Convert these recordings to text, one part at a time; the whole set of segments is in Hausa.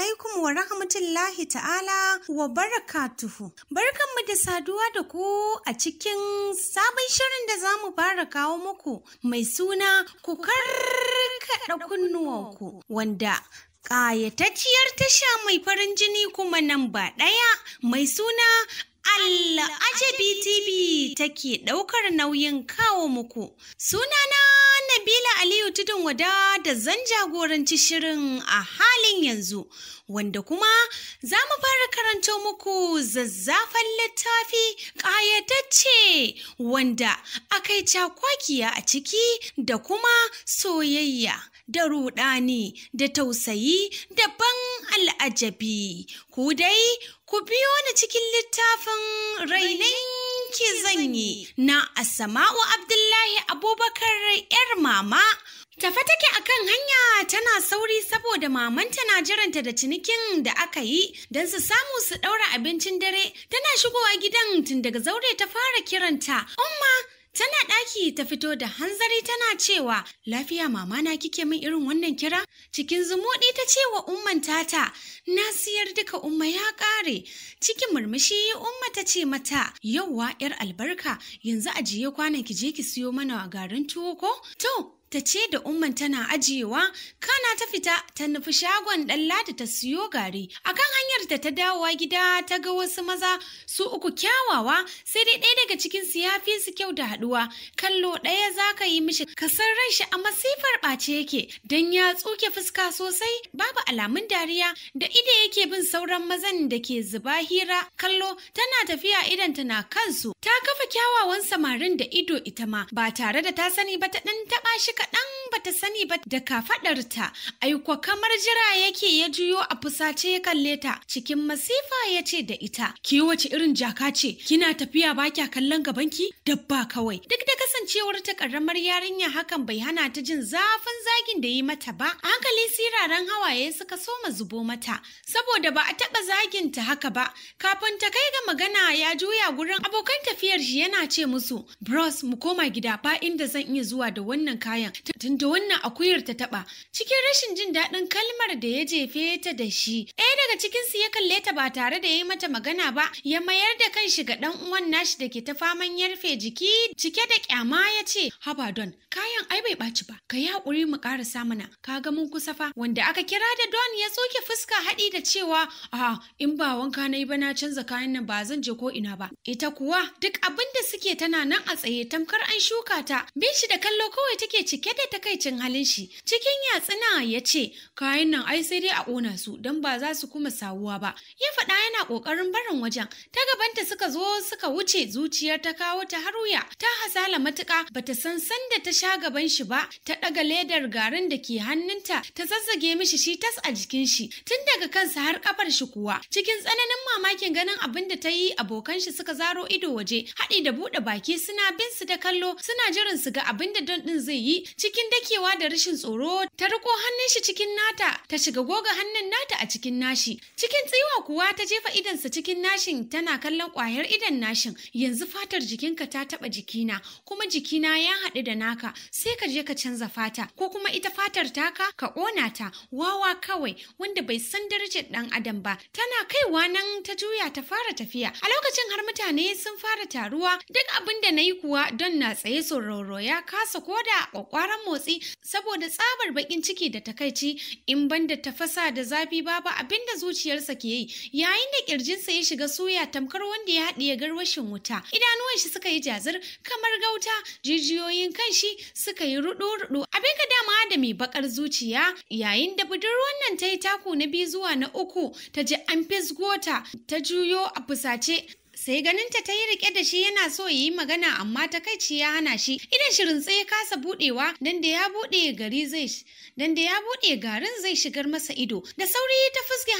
alaikum wa rahmatullahi ta'ala wa barakatuhu. Barkanmu da saduwa da ku a cikin sabon shirin da za mu fara kawo muku mai suna ku karkaɗa kunnuwanku wanda Ƙayatacciyar tasha mai farin jini kuma nan ba ɗaya mai suna Al'ajabi TV take ɗaukar nauyin kawo muku. Sunana Nabila Aliyu Tudun Wada da zan jagoranci shirin a halin yanzu, wanda kuma za mu fara karanto muku zazzafan littafi ƙayatacce wanda aka yi cakwakiya a ciki da kuma soyayya. da ruɗani da tausayi da ba al'ajabi, ku dai ku biyo ni cikin littafin rainin ki zanyi na Asama'u Abdullahi Abubakar 'yar mama. Tafe take kan hanya tana sauri saboda mamanta na jiranta da cinikin da aka yi don su samu su ɗaura abincin dare. Tana shigowa gidan tun daga zaure ta fara kiranta. Umma Tana ɗaki ta fito da hanzari tana cewa lafiya mama na kike min irin wannan kira? Cikin zumuɗi ta ce wa umman tata, na siyar duka umma ya ƙare. Cikin murmushi umma ta ce mata, yauwa ‘yar albarka yanzu ajiye kwanan ki je ki siyo mana garin tuwo ko? To, ta ce da umman tana ajiyewa kana ta fita ta nufi shagon da ta siyo gari akan hanyar da ta dawowa gida ta ga wasu maza su uku kyawawa sai dai ɗaya daga cikin su ya fi su kyau da haɗuwa kallo ɗaya za ka yi mishi ka san ran shi a masifar ɓace yake don ya tsuke fuska sosai babu alamun dariya da ido yake bin sauran mazan da ke zuba hira kallo tana tafiya idan tana kansu ta kafa kyawawan samarin da ido ita ma ba tare da ta sani ba ta ɗan taɓa shi kaɗan ta sani ba da kafaɗarta aiko kamar jira yake ya juyo a fusace ya kalle ta cikin masifa ya ce da ita ki wace irin jaka ce kina tafiya ba kya kallon gabanki dabba kawai duk da kasancewar ta karamar yarinya hakan bai hana ta jin zafin zagin da yi mata ba a hankali siraran hawaye suka soma zubo mata saboda ba a taɓa zagin ta haka ba kafin ta kai ga magana ya juya gurin abokan tafiyar shi yana ce musu bros mu koma gida ba inda zan iya zuwa da wannan kayan Tun tunda wannan akuyar ta taba cikin rashin jin daɗin kalmar da ya jefe ta da shi ɗaya daga cikin su ya kalle ta ba tare da ya yi mata magana ba ya mayar da kan shi ga dan uwan nashi da ke ta faman yarfe jiki cike da kyama ya ce haba don kayan ai bai ɓaci ba ka yi ƙuri mu ƙara samuna. ka ga mun kusa fa wanda aka kira da don ya soke fuska haɗi da cewa a in ba wanka na yi ba na canza kayan nan ba zan je ko ina ba ita kuwa duk abin da suke tana nan a tsaye tamkar an shuka ta bin shi da kallo kawai take cike da takaicin halin shi cikin yatsuna ya ce kayan nan ai sai dai a ƙona su don ba za su kuma sawuwa ba ya faɗa yana ƙoƙarin barin wajen ta gabanta suka zo suka wuce zuciyar ta kawo ta haruya ta hasala matuƙa bata san sanda ta sha gaban shi shi ba ta ɗaga ledar garin da ke hannunta ta zazzage mishi shi tas a jikin shi tun daga kansa har kafar shi kuwa cikin tsananin mamakin ganin abin da ta yi abokan shi suka zaro ido waje haɗi da buɗe baki suna bin su da kallo suna jiran su ga abin da don ɗin zai yi cikin dakewa da rashin tsoro ta riko hannun shi cikin nata ta shiga goga hannun nata a cikin nashi cikin tsiwa kuwa ta jefa sa cikin nashin tana kallon kwayar idon nashin yanzu fatar jikinka ta taɓa jikina kuma jikina ya haɗu da naka sai ka je ka canza fata ko kuma ita fatar taka ka ƙona ta wawa kawai wanda bai san darajar ɗan adam ba tana kaiwa nan ta juya ta fara tafiya a lokacin har mutane sun fara taruwa duk abin da na yi kuwa don na tsaye sororo ya kasa koda kwakwaran motsi saboda tsabar baƙin ciki da takaici in ban da tafasa da zafi babu abin da zuciyarsa ke yi yayin da ƙirjinsa ya shiga suya tamkar wanda ya haɗiye garwashin wuta idanuwan shi suka yi jazir kamar gauta jijiyoyin kanshi suka yi rudu-rudu abin ka dama da mai baƙar zuciya yayin da budurwar nan ta yi taku na biyu zuwa na uku ta ji an fisgota ta juyo a fusace sai ganin ta ta yi rike da shi yana so ya yi magana amma takaici ya hana shi idan shirin tsaye kasa budewa dan da ya bude gari zai dan da ya bude garin zai shigar masa ido da sauri ta fuske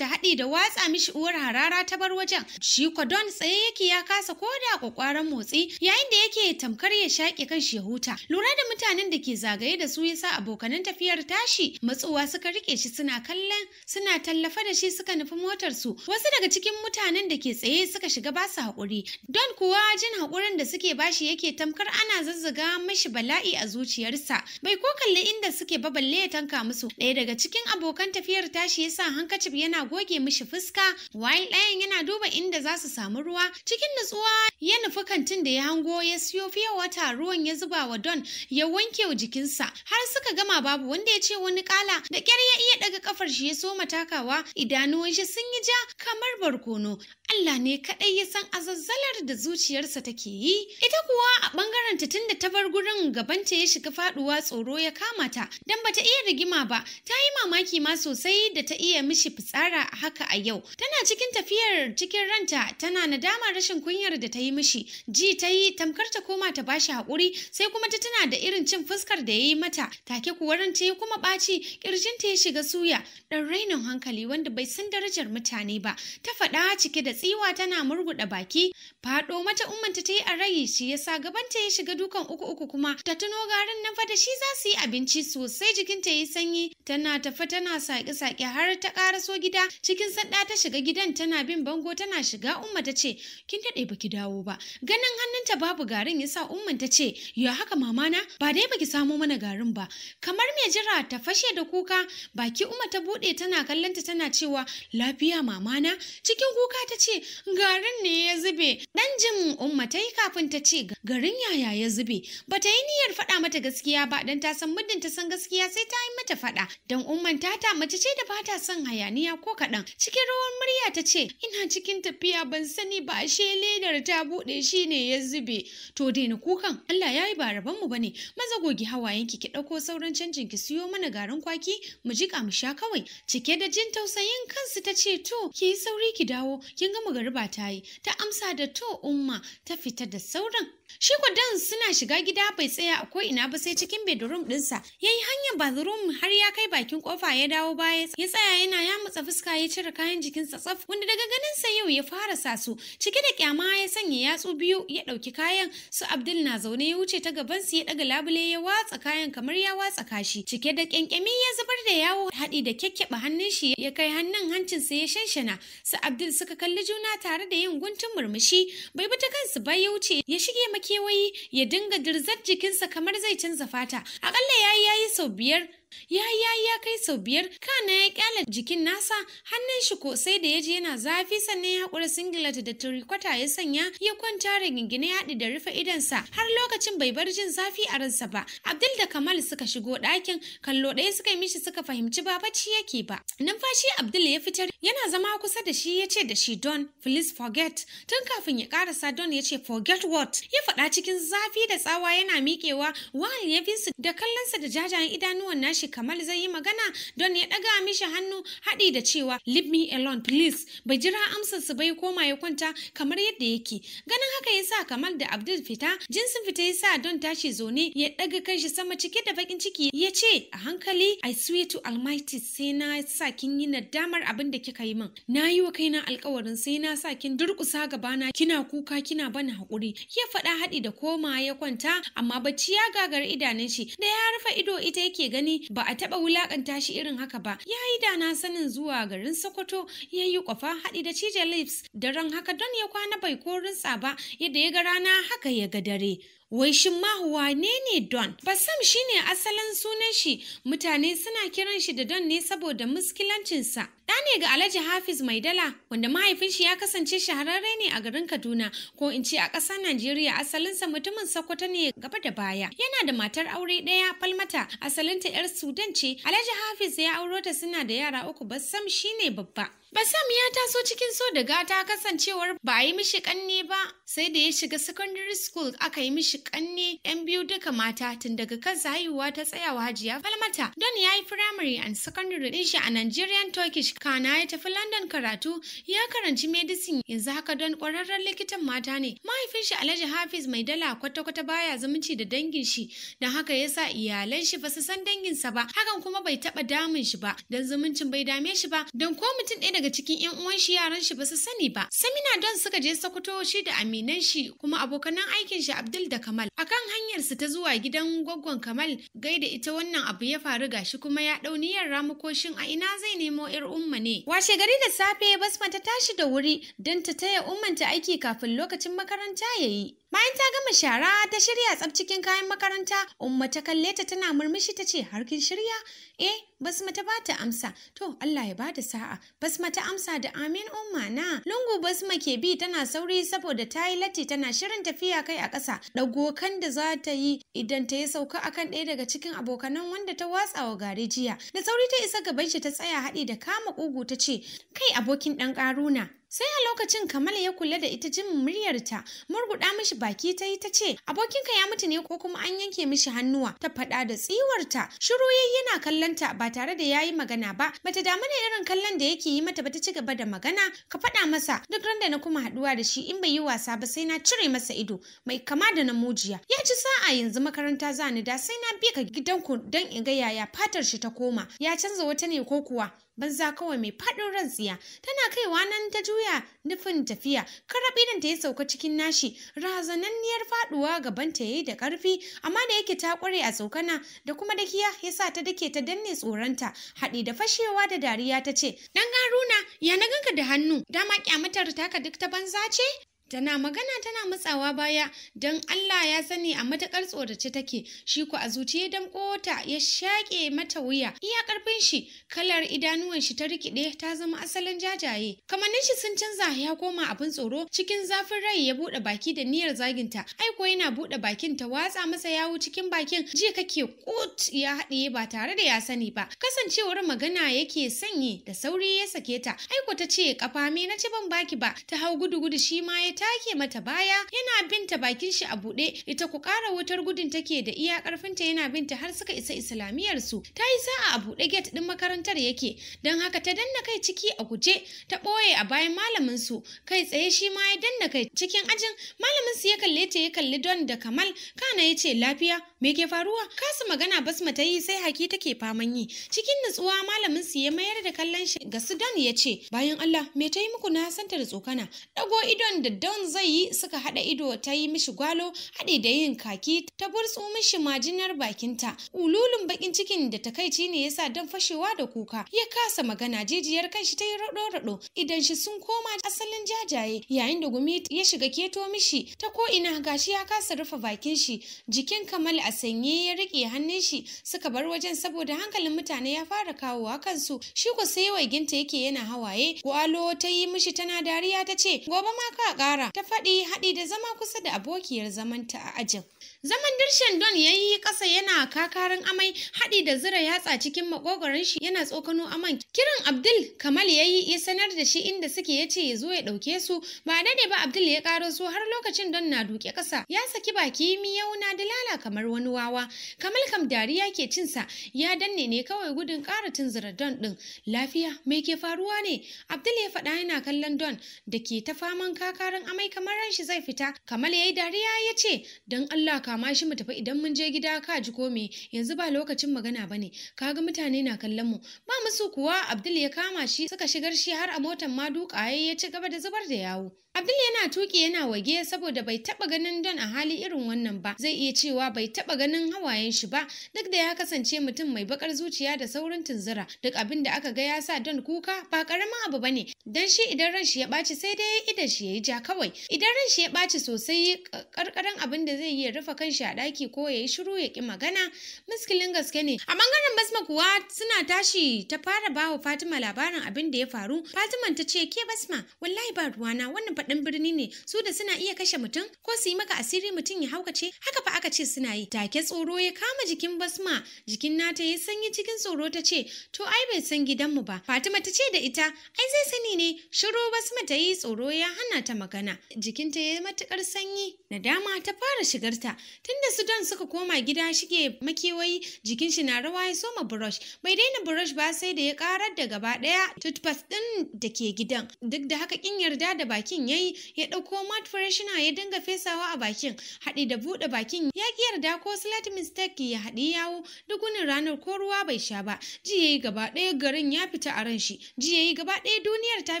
ta haɗi da watsa mishi uwar harara ta bar wajen shi kwadon tsaye yake ya kasa koda kwakwaran motsi yayin da yake tamkar ya shaƙe kan shi ya huta lura da mutanen da ke zagaye da su yasa abokanan tafiyar tashi matsuwa suka rike shi suna kallon suna tallafa da shi suka nufi motar su wasu daga cikin mutanen da ke tsaye suka shiga ba su haƙuri don kuwa jin haƙurin da suke bashi yake tamkar ana zazzaga mashi bala'i a zuciyarsa bai ko kalli inda suke ba balle ya tanka musu ɗaya daga cikin abokan tafiyar tashi yasa hankacif yana goge mashi fuska wayan ɗayan yana duba inda za su samu ruwa cikin nutsuwa ya nufi kantin da ya hango ya siyo fiye wata ruwan ya zuba wa don ya wanke wa jikinsa har suka gama babu wanda ya ce wani kala da kyar ya iya daga kafar shi ya soma takawa idanuwan shi sun yi ja kamar barkono Allah ne kaɗai ya san azazzalar da zuciyarsa take yi, ita kuwa a ɓangaren ta tunda ta bar gurin gabanta ya shiga faɗuwa tsoro ya kama ta, don ta iya rigima ba, ta yi mamaki ma sosai da ta iya mishi fitsara haka a yau. Tana cikin tafiyar cikin ranta tana nadama rashin kunyar da ta yi mishi, ji ta yi tamkar ta koma ta bashi haƙuri sai kuma ta tana da irin cin fuskar da ya yi mata, take kuwa ranta ya kuma ɓaci, ƙirjinta ya shiga suya, ɗan rainin hankali wanda bai san darajar mutane ba, ta faɗa cike da tsiwa tana murguɗa baki faɗo mata ummanta ta yi a rai shi yasa ta ya shiga dukan uku uku kuma ta tuno garin nan fa shi za su yi abinci sosai jikinta ya yi sanyi tana tafa tana saƙe saƙe har ta ƙaraso gida cikin sanda ta shiga gidan tana bin bango tana shiga umma ta ce kin daɗe baki dawo ba ganin hannunta babu garin yasa umman ta ce ya haka mamana ba dai baki samo mana garin ba kamar mai jira ta fashe da kuka baki umma ta buɗe tana kallonta tana cewa lafiya mamana cikin kuka ta ce ce garin ne ya zube dan jin umma ta yi kafin ta ce garin yaya ya zube ba ta yi niyyar faɗa mata gaskiya ba dan ta san muddin ta san gaskiya sai ta yi mata faɗa dan umman ta mace ce da ba ta son hayaniya ko kaɗan cikin rawar murya ta ce ina cikin tafiya ban sani ba ashe ledar ta buɗe shi ne ya zube to daina kukan Allah ya yi ba rabon mu bane maza gogi hawayenki ki ɗauko sauran canjin ki siyo mana garin kwaki mu jiƙa mu sha kawai cike da jin tausayin kansu ta ce to ki yi sauri ki dawo kin mu ga magariba ta yi ta amsa da to umma ta fita da sauran Shi Dan suna shiga gida bai tsaya a ko ina ba sai cikin bedroom ɗinsa. Ya yi hanyar bathroom har ya kai bakin kofa ya dawo baya ya tsaya yana ya mutsa fuska ya cire kayan jikinsa tsaf wanda daga ganinsa yau ya fara sasu cike da kyama ya sanya yatsu biyu ya ɗauki kayan su Abdul na zaune ya wuce ta gaban gabansu ya ɗaga labule ya watsa kayan kamar ya watsa kashi cike da kyankyami ya zubar da yawo haɗi da kyakkyaɓa hannun shi ya kai hannun hancin sa ya shanshana su Abdul suka kalli juna tare da yin guntun murmushi bai bi ta kansu ba ya wuce ya shige maki kewayi ya dinga dirzar jikinsa kamar zai canza fata akalla ya yi sau biyar ya ya ya kai sau biyar kana ya kyala jikin nasa hannun shi ko sai da ya je yana zafi sannan ya haƙura singlet da turikwata ya sanya ya kwanta rigingine ya da rufe idonsa har lokacin bai bar jin zafi a ransa ba abdul da kamal suka shigo ɗakin kallo ɗaya suka yi mishi suka fahimci ba bacci yake ba numfashi abdul ya fitar yana zama kusa da shi ya ce da shi don please forget tun kafin ya karasa don ya ce forget what ya faɗa cikin zafi da tsawa yana miƙewa wahal ya fi su da kallonsa da jajayen idanuwan nashi shi kamar zai yi magana don ya ɗaga mishi hannu haɗi da cewa leave me alone please bai jira amsar su bai koma ya kwanta kamar yadda yake ganin haka ya sa kamar da abdul fita jinsin fita ya sa don tashi zaune ya ɗaga kanshi sama cike da bakin ciki ya ce a hankali i swear to almighty sai na sa kin yi nadamar abin da kika yi min na yi wa kaina alkawarin sai na sa kin durƙusa gabana kina kuka kina bana haƙuri ya faɗa haɗi da koma ya kwanta amma bacci ya gagar idanun shi da ya rufe ido ita yake gani ba a taɓa wulaƙanta shi irin haka ba ya yi da na sanin zuwa garin sokoto ya yi kwafa haɗi da cije lips da ran haka don ya kwana bai ko rintsa ba yadda ya ga rana haka ya ga dare Wai shin ma wane ne Don? Bassam shine asalin sunan shi, mutane suna kiran shi da Don ne saboda muskilancinsa. Ɗa ne ga Alhaji Hafiz Maidala, wanda mahaifin shi ya kasance shahararre ne a garin Kaduna, ko in ce a ƙasar Najeriya asalinsa mutumin Sokoto ne gaba da baya. Yana da matar aure ɗaya Falmata, asalinta 'yar Sudan ce. Alhaji Hafiz ya auro ta suna da yara uku, Bassam shine babba. Basam ya taso cikin so da gata kasancewar ba a yi mishi kanne ba sai da ya shiga secondary school aka yi mishi kanne yan biyu duka mata tun daga kansa haihuwa ta tsayawa hajiya falmata don ya yi primary and secondary din shi a Nigerian Turkish kana ya tafi London karatu ya karanci medicine yanzu haka don kwararren likitan mata ne mahaifin shi Alhaji Hafiz mai dala kwata-kwata baya zumunci da dangin shi don haka yasa iyalan shi ba su san danginsa ba hakan kuma bai taba damun shi ba don zumuncin bai dame shi ba dan ko mutum ɗaya daga cikin 'yan uwan shi yaran shi ba su sani ba. Samina don suka je sakuto shi da aminan shi kuma abokanan aikin shi Abdul da Kamal. Akan hanyar su ta zuwa gidan gwaggon Kamal gaida ita wannan abu ya faru gashi kuma ya dau niyyar ramukoshin a ina zai nemo 'yar umma ne. Washe gari da safe Basma ta tashi da wuri don ta taya ta aiki kafin lokacin makaranta ya yi. Bayan ta gama shara ta shirya tsaf cikin kayan makaranta, Umma ta kalle ta tana murmushi ta ce harkin shirya? Eh, Basma ta bata amsa. To Allah ya bada sa'a. Basma ta amsa da amin umma na. Lungu Basma ke bi tana sauri saboda ta yi latti tana shirin tafiya kai a ƙasa. Dagokan da za ta yi idan ta yi sauka akan ɗaya daga cikin abokanan wanda ta watsa wa gari jiya. Da sauri ta isa gaban shi ta tsaya haɗi da kama ƙugu ta ce, "Kai abokin ɗan ƙaruna, Sai a lokacin Kamala ya kula da ita jin muryarta, murguɗa mishi baki ta yi ta ce, abokinka ya mutu ne ko kuma an yanke mishi hannuwa, ta faɗa da tsiwarta. Shiru yayi yana kallonta ba tare da yayi magana ba, bata damu ne irin kallon da yake yi mata ba ta ci gaba da magana, ka faɗa masa duk randa na kuma haɗuwa da shi in bai yi wasa ba sai na cire masa ido mai kama da namujiya. Ya ci sa'a yanzu makaranta za ni da sai na bi ka gidanku don in ga yaya fatar shi ta koma, ya canza wata ne ko kuwa. banza kawai mai faɗin ran tsiya tana kaiwa nan ta juya nufin tafiya karabi nan ta yi sauka cikin nashi razananniyar faɗuwa gaban ta yayi da ƙarfi amma da yake ta ƙware a tsokana da kuma dakiya ya sa ta dake ta danne tsoronta haɗi da fashewa da dariya ta ce ɗan garuna! ya na ganka da hannu dama kyamatar taka duk ta banza ce Tana magana tana matsawa baya don Allah ya sani a matakar tsorace take shi ku a zuciya dan kota ya shaƙe mata wuya iya ƙarfin shi kalar idanuwan shi ta rikide ta zama asalin jajaye kamannin shi sun canza ya koma abin tsoro cikin zafin rai ya buɗe baki da niyyar zaginta ai ko yana buɗe bakin ta watsa masa yawo cikin bakin Jiya kake kut ya haɗiye ba tare da ya sani ba kasancewar magana yake sanye da sauri ya sake ta ai ko ta ce kafa me na ci ban baki ba ta hau gudu gudu shi ma ya take mata baya yana binta bakin shi a buɗe ita ku kara wutar gudun take da iya ƙarfinta yana binta har suka isa islamiyar su ta yi sa'a a buɗe gate ɗin makarantar yake don haka ta danna kai ciki a guje ta ɓoye a bayan malamin su kai tsaye shi ma ya danna kai cikin ajin malamin su ya kalle ta ya kalli don da kamal kana ya ce lafiya me ke faruwa kasu magana basma ta yi sai haki take faman yi cikin nutsuwa malamin su ya mayar da kallon shi ga sudan ya ce bayan allah me ta yi muku na santa da tsokana dago idon da don zai yi suka hada ido ta yi mishi gwalo haɗi da yin kaki ta burtsu mishi majinar bakinta ululun bakin cikin da ta takaici ne yasa don fashewa da kuka ya kasa magana jijiyar kanshi ta yi raɗo-raɗo idan shi sun koma asalin jajaye yayin da gumi ya shiga keto mishi ta ko ina gashi ya kasa rufe bakin shi jikin kamal a sanye ya rike hannun shi suka bar wajen saboda hankalin mutane ya fara kawowa kansu shi ko sai waiginta yake yana hawaye gwalo ta yi mishi tana dariya ta ce gobe ma ka kara ta faɗi haɗi da zama kusa da abokiyar zamanta a ajin Zaman dirshen don ya yi ƙasa yana kakarin amai haɗi da zira yatsa cikin makogoron shi yana tsokano aman. Kiran Abdul Kamal ya yi ya sanar da shi inda suke ya ce ya zo ya ɗauke su ba dade ba Abdul ya ƙaro su har lokacin don na duke ƙasa ya saki baki miyau na dalala kamar wani wawa. Kamal kam dariya ke cinsa ya danne ne kawai gudun ƙara tunzura don ɗin. Lafiya mai ke faruwa ne? Abdul ya faɗa yana kallon don da ke ta faman kakarin amai kamar ran shi zai fita. Kamal ya yi dariya ya ce don Allah ka kama shi mu tafi idan mun je gida ka ji ko me yanzu ba lokacin magana bane kaga mutane na kallon mu ba musu kuwa Abdul ya kama shi suka shigar shi har a motar ma duka ya ci gaba da zubar da yawo Abdul yana tuki yana wage saboda bai taba ganin Don a hali irin wannan ba. Zai iya cewa bai taɓa ganin hawayen shi ba duk da ya kasance mutum mai bakar zuciya da saurin tunzura. Duk abin da aka ga ya sa Don kuka ba karamin abu bane. Dan shi idan ran shi ya ɓaci sai dai ya ida shi yayi ja kawai. Idan ran shi ya ɓaci sosai karkaran abin da zai iya rufe kanshi a ɗaki ko yayi shiru ya ki magana muskilin gaske ne. A bangaren Basma kuwa suna tashi ta fara bawa Fatima labarin abin da ya faru. Fatima ta ce ke Basma wallahi ba ruwana wannan Ɗan birni ne su da suna iya kashe mutum ko su yi maka asiri mutum ya haukace haka fa aka ce suna yi take tsoro ya kama jikin basma jikin nata ya sanyi cikin tsoro ta ce to ai bai san gidanmu ba fatima ta ce da ita ai zai sani ne shiro basma ta yi tsoro ya hana ta magana jikinta ya matukar sanyi na dama ta fara shigarta tunda su don suka koma gida shige makewayi jikin shi na rawa ya soma brush bai daina brush ba sai da ya karar da gaba daya toothpaste din da ke gidan duk da haka kin yarda da bakin yayi ya dauko mat freshener ya dinga fesawa a bakin haɗi da buɗe bakin ya ki yarda ko slight mistake ya hadi yawo dugunin ranar ko ruwa bai sha ba ji yayi gaba daya garin ya fita a ran shi ji yayi gaba daya duniyar ta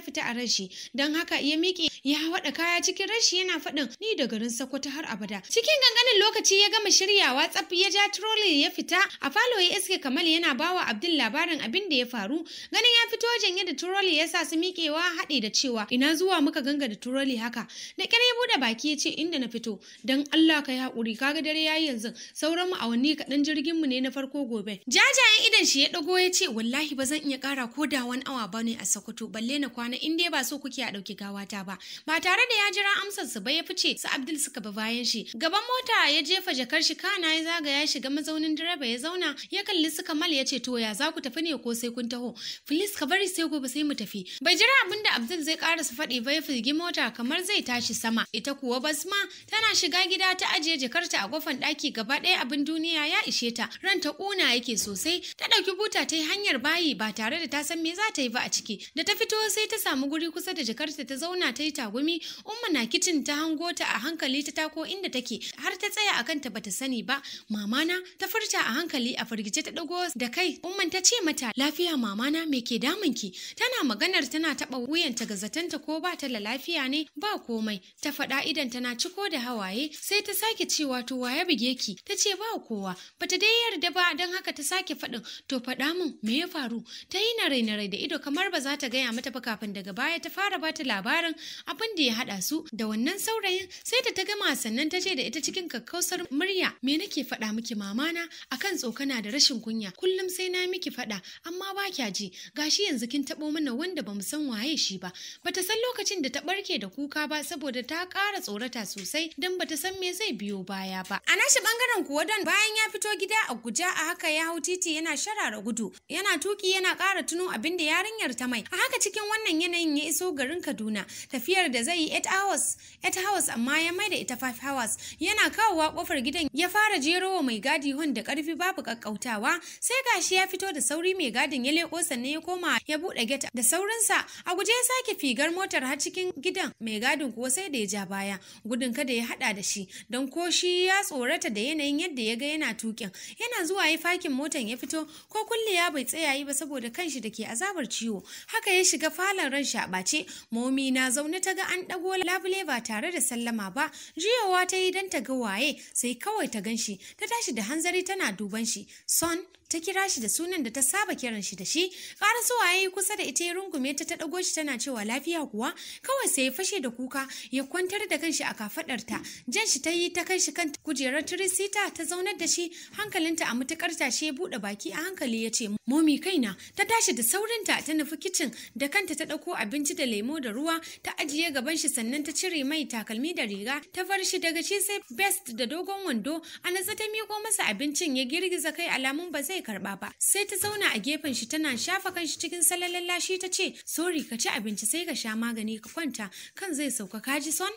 fita a ran shi don haka ya miƙe ya haɗa kaya cikin rashi yana faɗin ni da garin Sokoto har abada. Cikin ganganin lokaci ya gama shiryawa tsaf ya ja trolley ya fita a falo ya iske Kamal yana bawa Abdul labarin abin da ya faru. Ganin ya fito wajen yadda trolley ya sa su miƙewa haɗe da cewa ina zuwa muka ganga da trolley haka. Da ƙyar ya buɗe baki ya ce inda na fito dan Allah ka yi haƙuri kaga dare ya yi yanzu sauran mu awanni kaɗan jirgin mu ne na farko gobe. Jajayen idan shi ya ɗago ya ce wallahi ba zan iya kara ko da wani awa ba ne a Sokoto balle na kwana in dai ba so kuke a ɗauki gawata ba. Ba tare da ya jira amsar su ba ya fice su Abdul suka bi bayan shi gaban mota ya jefa jakar shi kana ya zagaya shiga mazaunin direba ya zauna ya kalli suka kamal ya ce to ya za ku tafi ne ko sai kun taho filis ka bari sai gobe sai mu tafi bai jira abin da abdul zai su faɗi ba ya firgi mota kamar zai tashi sama ita kuwa basma tana shiga gida ta ajiye jakarta a kofan ɗaki gaba ɗaya abin duniya ya ishe ta ran ta ƙuna yake sosai ta ɗauki buta ta yi hanyar bayi ba tare da ta san me za ta yi ba a ciki da ta fito sai ta samu guri kusa da jakarta ta zauna ta yi tagumi umma na kicin ta hango ta a hankali hankali ta tako inda take har ta tsaya a kanta bata sani ba mamana ta furta a hankali a firgice ta dago da kai umman ta ce mata lafiya mamana me ke damun ki? tana maganar tana taba wuyanta ta ko ba ta la lafiya ne ba komai ta faɗa idan tana ciko da hawaye sai ta sake cewa to ya buge ki ta ce ba kowa bata dai yarda ba dan haka ta sake faɗin to faɗa min me ya faru ta yi na rai da ido kamar ba za ta gaya mata ba kafin daga baya ta fara bata labarin abin da ya haɗa su da wannan saurayin sai ta gama sannan ta ce da ita cikin kakkausar murya me nake faɗa miki mamana akan tsokana da rashin kunya kullum sai na miki faɗa amma ba kya ji gashi yanzu kin taɓo mana wanda bamu san waye shi ba bata san lokacin da ta barke da kuka ba saboda ta ƙara tsorata sosai don bata san me zai biyo baya ba a nashi bangaren kuwa don bayan ya fito gida a guja a haka ya hau titi yana sharara gudu yana tuki yana ƙara tuno abinda yarinyar ta mai a haka cikin wannan yanayin ya iso garin Kaduna tafiyar da zai yi 8 hours 8 hours amma ya mai da da ita Five hours yana kawowa kofar gidan ya fara jerowa mai gadi hon da karfi babu kakkautawa sai gashi ya fito da sauri mai gadin ya leko sannan ya koma ya bude gate da saurinsa a guje ya sake figar motar har cikin gidan mai gadin kuwa sai da ya ja baya gudun kada ya hada da shi don ko shi ya tsorata da yanayin yadda ya ga yana tukin yana zuwa ya fakin motan ya fito ko ya bai tsaya yi ba saboda kanshi da ke azabar ciwo haka ya shiga falon ran shabace momi na zaune ta ga an dago labule ba tare da sallama ba jiyawa ta yi don ta ga waye sai kawai ta gan shi, ta tashi da hanzari tana duban shi. Son, ta kira shi da sunan da ta saba kiran shi da shi ƙara zuwa ya yi kusa da ita ya rungume ta ta ɗago shi tana cewa lafiya kuwa kawai sai ya fashe da kuka ya kwantar da kanshi a kafaɗarta jan shi ta yi ta kai shi kan kujerar tirisita ta zaunar da shi hankalinta a matuƙar tashe ya buɗe baki a hankali ya ce momi kaina ta tashi da saurinta ta nufi kicin da kanta ta ɗauko abinci da lemo da ruwa ta ajiye gaban shi sannan ta cire mai takalmi da riga ta bar shi daga shi sai best da dogon wando a natsa ta miƙo masa abincin ya girgiza kai alamun ba zai zai karba ba sai ta zauna a gefen shi tana shafa kanshi cikin salalalla shi ta ce sori ka ci abinci sai ka sha magani ka kwanta kan zai sauka ka ji son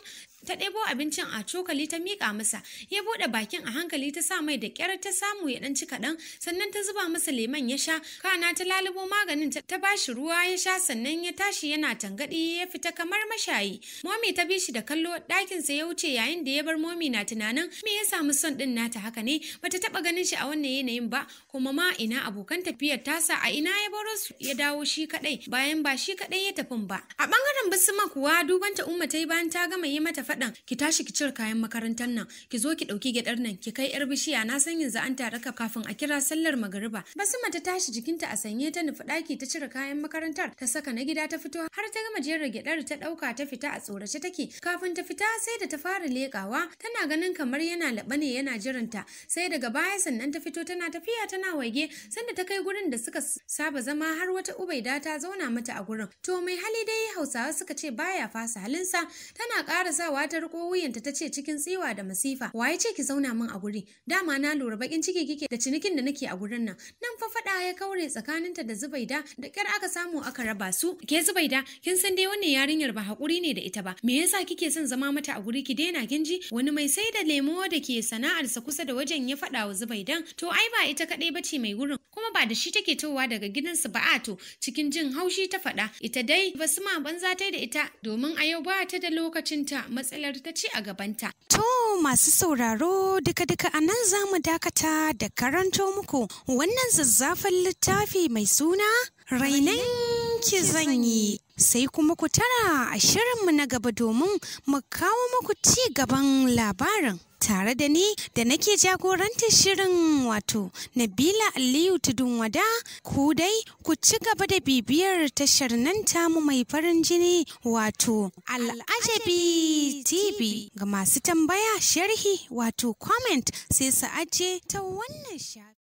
ta ɗebo abincin a cokali ta miƙa masa ya buɗe bakin a hankali ta sa mai da ƙyar ta samu ya ɗan ci kaɗan sannan ta zuba masa leman ya sha kana ta lalubo maganin ta bashi ruwa ya sha sannan ya tashi yana tangaɗi ya fita kamar mashayi momi ta bi shi da kallo ɗakinsa ya wuce yayin da ya bar momi na tunanin me ya samu son ɗin nata haka ne bata taɓa ganin shi a wannan yanayin ba kuma ma ina abokan tafiyar tasa a ina ya baro su ya dawo shi kaɗai bayan ba shi kaɗai ya tafin ba a ɓangaren bisima kuwa duban ta umma ta yi bayan ta gama yi mata faɗan ki tashi ki cire kayan makarantar nan ki zo ki ɗauki gyaɗar nan ki kai yar bishiya na san yanzu an tare ka kafin a kira sallar magariba basuma ta tashi jikinta a sanye ta nufi ɗaki ta cire kayan makarantar ta saka na gida ta fito har ta gama jera gyaɗar ta ɗauka ta fita a tsorace take kafin ta fita sai da ta fara leƙawa tana ganin kamar yana laɓa ne yana jiranta sai daga baya sannan ta fito tana tafiya tana waige sanda ta kai gurin da suka saba zama har wata ubaida ta zauna mata a gurin to mai hali dai hausawa suka ce baya fasa halinsa tana ƙara sawa Tsayawa ta wuyanta ta ce cikin tsiwa da masifa, Wa ya ce ki zauna min a guri? Dama na lura bakin ciki kike da cinikin da nake a gurin nan. Nan fa fada ya kaure tsakaninta da Zubaida da kyar aka samu aka raba su. Ke Zubaida, kin san dai wannan yarinyar ba hakuri ne da ita ba. Me yasa kike son zama mata a guri ki daina ginji Wani mai sai da lemo da ke sana'arsa kusa da wajen ya fada wa Zubaidan, to ai ba ita kadai bace mai gurin, kuma ba da shi take towa daga gidansu ba a to cikin jin haushi ta faɗa. Ita dai basu ma banza tai da ita domin a yau ba ta da lokacinta matsalar ta ce a gabanta. To masu sauraro duka-duka a nan za mu dakata da karanto muku wannan zazzafin littafi mai suna rainan ki zanyi. Sai kuma ku tara a shirinmu na gaba domin mu kawo muku ci gaban labarin. tare da ni da nake jagorantar shirin wato Nabila Aliyu Tudun Wada ku dai ku ci gaba da bibiyar tashar nan tamu mai farin jini wato Al'ajabi TV ga masu tambaya sharhi wato comment sai su aje ta wannan sha